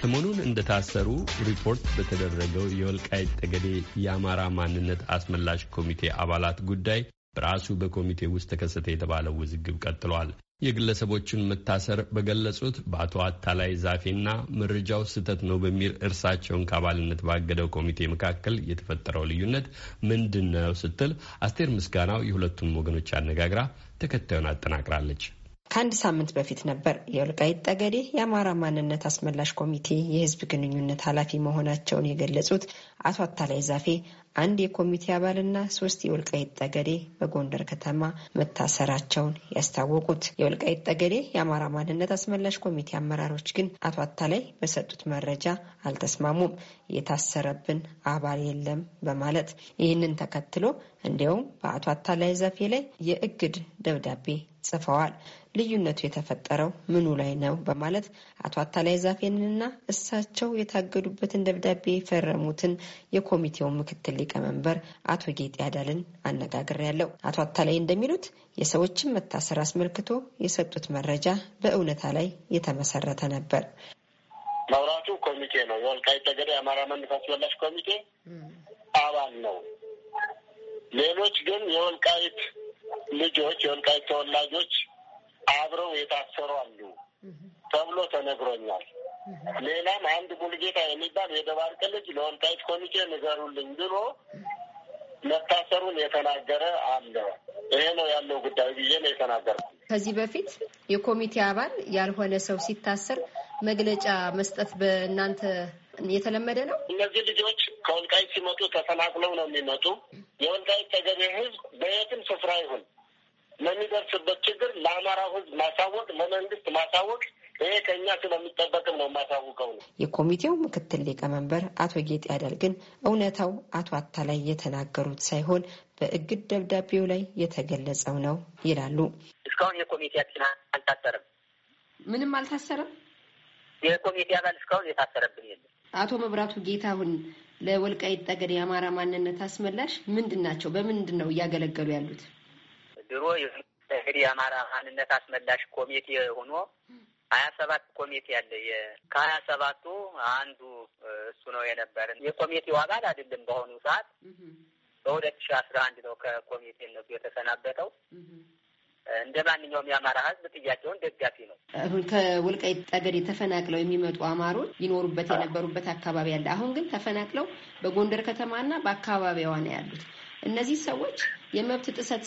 ሰሞኑን እንደታሰሩ ሪፖርት በተደረገው የወልቃይት ጠገዴ የአማራ ማንነት አስመላሽ ኮሚቴ አባላት ጉዳይ በራሱ በኮሚቴ ውስጥ ተከሰተ የተባለው ውዝግብ ቀጥሏል። የግለሰቦችን መታሰር በገለጹት በአቶ አታላይ ዛፌና መረጃው ስህተት ነው በሚል እርሳቸውን ከአባልነት ባገደው ኮሚቴ መካከል የተፈጠረው ልዩነት ምንድን ነው ስትል አስቴር ምስጋናው የሁለቱም ወገኖች አነጋግራ ተከታዩን አጠናቅራለች። ከአንድ ሳምንት በፊት ነበር የወልቃይት ጠገዴ የአማራ ማንነት አስመላሽ ኮሚቴ የህዝብ ግንኙነት ኃላፊ መሆናቸውን የገለጹት አቶ አታላይ ዛፌ አንድ የኮሚቴ አባልና ሶስት የወልቃይት ጠገዴ በጎንደር ከተማ መታሰራቸውን ያስታወቁት የወልቃይት ጠገዴ የአማራ ማንነት አስመላሽ ኮሚቴ አመራሮች ግን አቶ አታላይ በሰጡት መረጃ አልተስማሙም። የታሰረብን አባል የለም በማለት ይህንን ተከትሎ እንዲያውም በአቶ አታላይ ዛፌ ላይ የእግድ ደብዳቤ ጽፈዋል። ልዩነቱ የተፈጠረው ምኑ ላይ ነው በማለት አቶ አታላይ ዛፌንንና እሳቸው የታገዱበትን ደብዳቤ የፈረሙትን የኮሚቴው ምክትል ሊቀመንበር አቶ ጌጤ አዳልን ያለው። አቶ አታላይ እንደሚሉት የሰዎችን መታሰር አስመልክቶ የሰጡት መረጃ በእውነታ ላይ የተመሰረተ ነበር። መብራቱ ኮሚቴ ነው። የወልቃይት ጠገዴ የአማራ መንግስት አስመላሽ ኮሚቴ አባል ነው። ሌሎች ግን የወልቃይት ልጆች የወልቃይት ተወላጆች አብረው የታሰሩ አሉ ተብሎ ተነግሮኛል። ሌላም አንድ ሙልጌታ የሚባል የደባርቅ ልጅ ለወልቃይት ኮሚቴ ንገሩልኝ ብሎ መታሰሩን የተናገረ አለ። ይሄ ነው ያለው ጉዳይ ብዬ ነው የተናገርኩት። ከዚህ በፊት የኮሚቴ አባል ያልሆነ ሰው ሲታሰር መግለጫ መስጠት በእናንተ የተለመደ ነው። እነዚህ ልጆች ከወልቃይት ሲመጡ ተፈናቅለው ነው የሚመጡ። የወልቃይት ተገቢ ህዝብ በየትም ስፍራ ይሁን ለሚደርስበት ችግር ለአማራው ህዝብ ማሳወቅ፣ ለመንግስት ማሳወቅ ይሄ ከእኛ ስለሚጠበቅም ነው የማሳውቀው ነው። የኮሚቴው ምክትል ሊቀመንበር አቶ ጌጥ ያዳል ግን እውነታው አቶ አታላይ የተናገሩት ሳይሆን በእግድ ደብዳቤው ላይ የተገለጸው ነው ይላሉ። እስካሁን የኮሚቴያችን አልታሰረም፣ ምንም አልታሰረም። የኮሚቴ አባል እስካሁን የታሰረብን የለም። አቶ መብራቱ ጌታሁን ለወልቃይት የአማራ ማንነት አስመላሽ ምንድን ናቸው? በምንድን ነው እያገለገሉ ያሉት? ድሮ እንግዲህ የአማራ ማንነት አስመላሽ ኮሚቴ ሆኖ ሀያ ሰባት ኮሚቴ አለ። ከሀያ ሰባቱ አንዱ እሱ ነው የነበረ። የኮሚቴው አባል አይደለም በአሁኑ ሰዓት። በሁለት ሺህ አስራ አንድ ነው ከኮሚቴነቱ የተሰናበተው። እንደ ማንኛውም የአማራ ሕዝብ ጥያቄውን ደጋፊ ነው። አሁን ከወልቃይት ጠገዴ ተፈናቅለው የሚመጡ አማሮች ይኖሩበት የነበሩበት አካባቢ አለ። አሁን ግን ተፈናቅለው በጎንደር ከተማና በአካባቢዋ ነው ያሉት። እነዚህ ሰዎች የመብት ጥሰት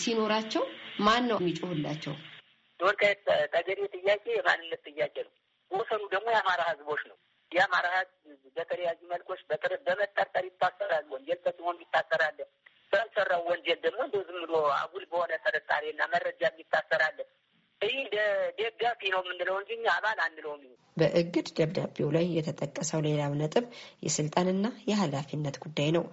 ሲኖራቸው ማን ነው የሚጮህላቸው? የወልቃይት ጠገዴ ጥያቄ የማንነት ጥያቄ ነው። ወሰኑ ደግሞ የአማራ ህዝቦች ነው። የአማራ ህዝብ በተለያዩ መልኮች በመጠርጠር ይታሰራል። ወንጀል ተስሆን ይታሰራል። በሰራው ወንጀል ደግሞ እንደ ዝም ብሎ አጉል በሆነ ጥርጣሬና መረጃ ይታሰራል። ደጋፊ ነው የምንለው እንጂ አባል አንለውም። በእግድ ደብዳቤው ላይ የተጠቀሰው ሌላው ነጥብ የስልጣንና የኃላፊነት ጉዳይ ነው።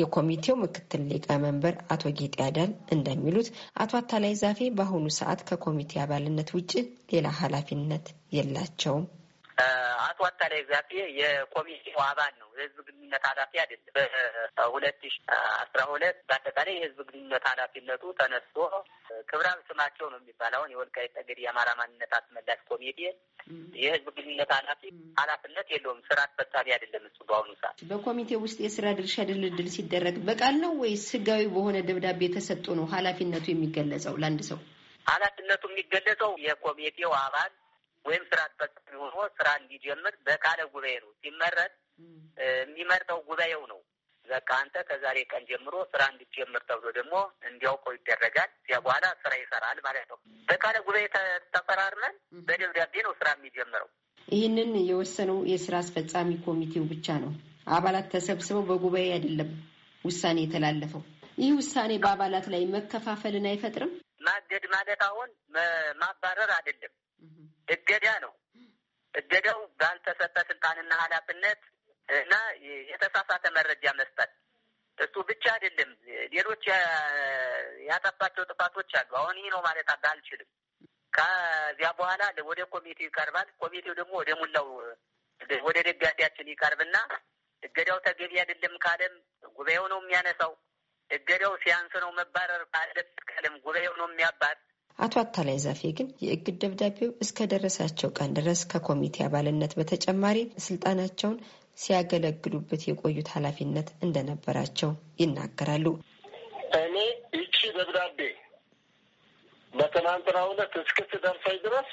የኮሚቴው ምክትል ሊቀመንበር አቶ ጌጤ አዳል እንደሚሉት አቶ አታላይ ዛፌ በአሁኑ ሰዓት ከኮሚቴ አባልነት ውጭ ሌላ ኃላፊነት የላቸውም አቶ አታላይ ግዛፌ የኮሚቴው አባል ነው። የህዝብ ግንኙነት ኃላፊ አይደለም። በሁለት ሺ አስራ ሁለት በአጠቃላይ የህዝብ ግንኙነት ኃላፊነቱ ተነስቶ ክብራብ ስማቸው ነው የሚባለውን የወልቃይት ጠገዴ የአማራ ማንነት አስመላሽ ኮሚቴ የህዝብ ግንኙነት ኃላፊ ኃላፊነት የለውም። ስራ አስፈጻሚ አይደለም እሱ። በአሁኑ ሰዓት በኮሚቴ ውስጥ የስራ ድርሻ ድልድል ሲደረግ በቃል ነው ወይስ ህጋዊ በሆነ ደብዳቤ የተሰጡ ነው ኃላፊነቱ የሚገለጸው ለአንድ ሰው? ኃላፊነቱ የሚገለጸው የኮሚቴው አባል ወይም ስራ አስፈጻሚ ሆኖ ስራ እንዲጀምር በቃለ ጉባኤ ነው ሲመረጥ የሚመርጠው ጉባኤው ነው። በቃ አንተ ከዛሬ ቀን ጀምሮ ስራ እንድትጀምር ተብሎ ደግሞ እንዲያውቀው ይደረጋል። ያ በኋላ ስራ ይሰራል ማለት ነው። በቃለ ጉባኤ ተፈራርመን በደብዳቤ ነው ስራ የሚጀምረው። ይህንን የወሰነው የስራ አስፈጻሚ ኮሚቴው ብቻ ነው። አባላት ተሰብስበው በጉባኤ አይደለም ውሳኔ የተላለፈው። ይህ ውሳኔ በአባላት ላይ መከፋፈልን አይፈጥርም። ማገድ ማለት አሁን ማባረር አይደለም እገዳ ነው። እገዳው ባልተሰጠ ስልጣንና ኃላፊነት እና የተሳሳተ መረጃ መስጠት እሱ ብቻ አይደለም። ሌሎች ያጠፋቸው ጥፋቶች አሉ። አሁን ይህ ነው ማለት አልችልም። ከዚያ በኋላ ወደ ኮሚቴው ይቀርባል። ኮሚቴው ደግሞ ወደ ሙላው ወደ ደጋፊያችን ይቀርብና እገዳው ተገቢ አይደለም ካለም ጉባኤው ነው የሚያነሳው። እገዳው ሲያንስ ነው መባረር ካለም ጉባኤው ነው የሚያባር አቶ አታላይ ዛፌ ግን የእግድ ደብዳቤው ደረሳቸው ቀን ድረስ ከኮሚቴ አባልነት በተጨማሪ ስልጣናቸውን ሲያገለግሉበት የቆዩት ኃላፊነት እንደነበራቸው ይናገራሉ። እኔ ይቺ ደብዳቤ በትናንትናው ዕለት እስክትደርሰኝ ድረስ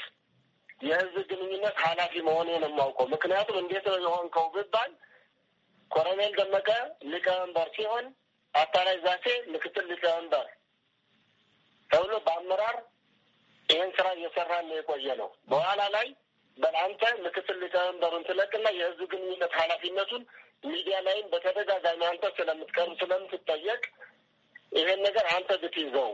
የህዝብ ግንኙነት ኃላፊ መሆኔ ነው የማውቀው። ምክንያቱም እንዴት ነው የሆንከው ብባል ኮሎኔል ደመቀ ሊቀመንበር ሲሆን አታላይ ዛፌ ምክትል ሊቀመንበር ተብሎ በአመራር ይህን ስራ እየሰራን ነው የቆየ ነው። በኋላ ላይ በአንተ ምክትል ሊቀመንበሩን ትለቅና የህዝብ ግንኙነት ኃላፊነቱን ሚዲያ ላይም በተደጋጋሚ አንተ ስለምትቀርብ ስለምትጠየቅ ይሄን ነገር አንተ ብትይዘው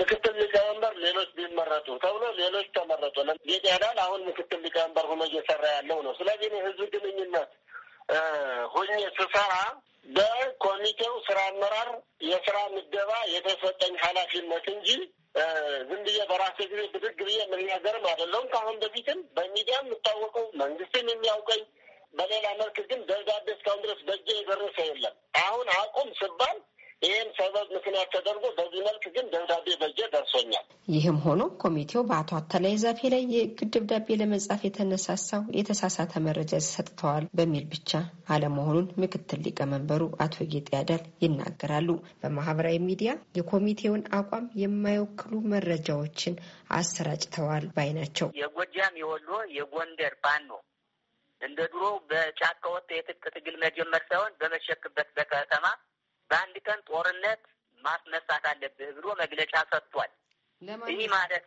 ምክትል ሊቀመንበር ሌሎች ቢመረጡ ተብሎ ሌሎች ተመረጡ። ቢጤዳል አሁን ምክትል ሊቀመንበር ሆኖ እየሰራ ያለው ነው። ስለዚህ ህዝብ ግንኙነት ሁኜ ስሰራ በኮሚቴው ስራ አመራር የስራ ምደባ የተሰጠኝ ኃላፊነት እንጂ ዝም ብዬ በራሴ ጊዜ ብድግ ብዬ የምናገርም አይደለሁም። ከአሁን በፊትም በሚዲያ የምታወቀው መንግስትም የሚያውቀኝ በሌላ መልክ ግን ደብዳቤ እስካሁን ድረስ በእጄ የደረሰ የለም። አሁን አቁም ስባል ይህን ሰበብ ምክንያት ተደርጎ በዚህ መልክ ግን ደብዳቤ በጀ ደርሶኛል። ይህም ሆኖ ኮሚቴው በአቶ አተላይ ዛፌ ላይ የእግድ ደብዳቤ ለመጻፍ የተነሳሳው የተሳሳተ መረጃ ሰጥተዋል በሚል ብቻ አለመሆኑን ምክትል ሊቀመንበሩ አቶ ጌጤ ያዳል ይናገራሉ። በማህበራዊ ሚዲያ የኮሚቴውን አቋም የማይወክሉ መረጃዎችን አሰራጭተዋል ባይ ናቸው። የጎጃም፣ የወሎ፣ የጎንደር ባኖ እንደ ድሮ በጫካ ወጥቶ የትጥቅ ትግል መጀመር ሳይሆን በመሸክበት በከተማ በአንድ ቀን ጦርነት ማስነሳት አለብህ ብሎ መግለጫ ሰጥቷል። ይህ ማለት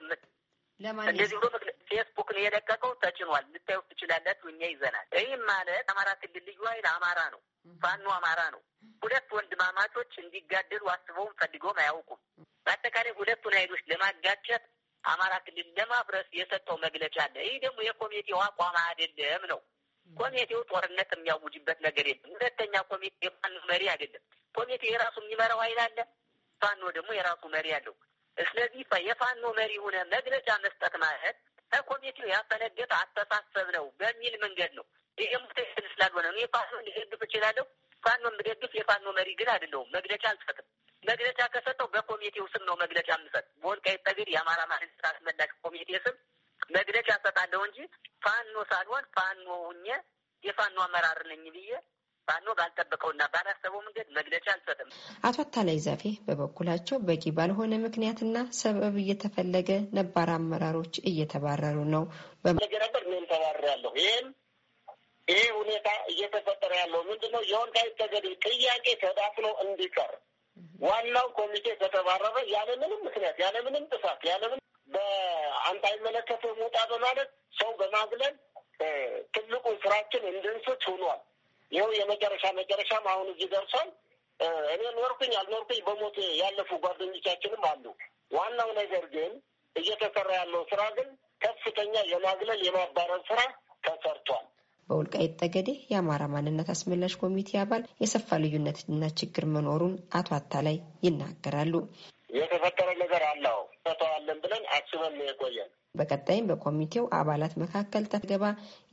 እንደዚህ ብሎ ፌስቡክን የለቀቀው፣ ተጭኗል፣ ልታዩት ትችላላችሁ። እኛ ይዘናል። ይህም ማለት አማራ ክልል ልዩ ኃይል አማራ ነው፣ ፋኖ አማራ ነው። ሁለት ወንድማማቾች እንዲጋደሉ አስበውም ፈልገውም አያውቁም። በአጠቃላይ ሁለቱን ኃይሎች ለማጋጨት አማራ ክልል ለማፍረስ የሰጠው መግለጫ አለ። ይህ ደግሞ የኮሚቴው አቋም አይደለም ነው። ኮሚቴው ጦርነት የሚያውጅበት ነገር የለም። ሁለተኛ ኮሚቴ የፋኖ መሪ አይደለም። ኮሚቴ የራሱ የሚመራው ኃይል አለ። ፋኖ ደግሞ የራሱ መሪ አለው። ስለዚህ የፋኖ መሪ ሆነ መግለጫ መስጠት ማለት ከኮሚቴው ያፈነገጠ አስተሳሰብ ነው በሚል መንገድ ነው። ይህም ትክክል ስላልሆነ የፋኖ ልደግፍ እችላለሁ። ፋኖ የምደግፍ የፋኖ መሪ ግን አይደለሁም። መግለጫ አልሰጥም። መግለጫ ከሰጠው በኮሚቴው ስም ነው መግለጫ የምሰጥ። በወልቃይት ጠገዴ የአማራ ማንነት አስመላሽ ኮሚቴ ስም መግለጫ እሰጣለሁ እንጂ ፋኖ ሳልሆን ፋኖ ሁኜ የፋኖ አመራር ነኝ ብዬ ባኖ ባልጠበቀውና ባላሰበው መንገድ መግለጫ አልሰጥም። አቶ አታላይ ዛፌ በበኩላቸው በቂ ባልሆነ ምክንያትና ሰበብ እየተፈለገ ነባር አመራሮች እየተባረሩ ነው። በነገረበት ምን ተባረር ያለሁ ይህም ይህ ሁኔታ እየተፈጠረ ያለው ምንድነው? የወልቃይ ጠገዴ ጥያቄ ተዳፍኖ እንዲቀር ዋናው ኮሚቴ ከተባረረ ያለምንም ምክንያት ያለምንም ጥፋት ያለምን በአንተ አይመለከትም ውጣ በማለት ሰው በማግለል ትልቁ ስራችን እንድንስት ሆኗል። ይኸው የመጨረሻ መጨረሻም አሁን እዚህ ደርሷል። እኔ ኖርኩኝ አልኖርኩኝ በሞት ያለፉ ጓደኞቻችንም አሉ። ዋናው ነገር ግን እየተሰራ ያለው ስራ ግን ከፍተኛ የማግለል የማባረር ስራ ተሰርቷል። በወልቃይት ጠገዴ የአማራ ማንነት አስመላሽ ኮሚቴ አባል የሰፋ ልዩነትና ችግር መኖሩን አቶ አታላይ ይናገራሉ። የተፈጠ ነገር አለው ፈተዋለን ብለን አስበን ነው የቆየን። በቀጣይም በኮሚቴው አባላት መካከል ተገባ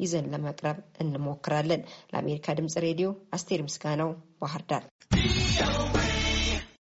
ይዘን ለመቅረብ እንሞክራለን። ለአሜሪካ ድምጽ ሬዲዮ አስቴር ምስጋናው ባህር ዳር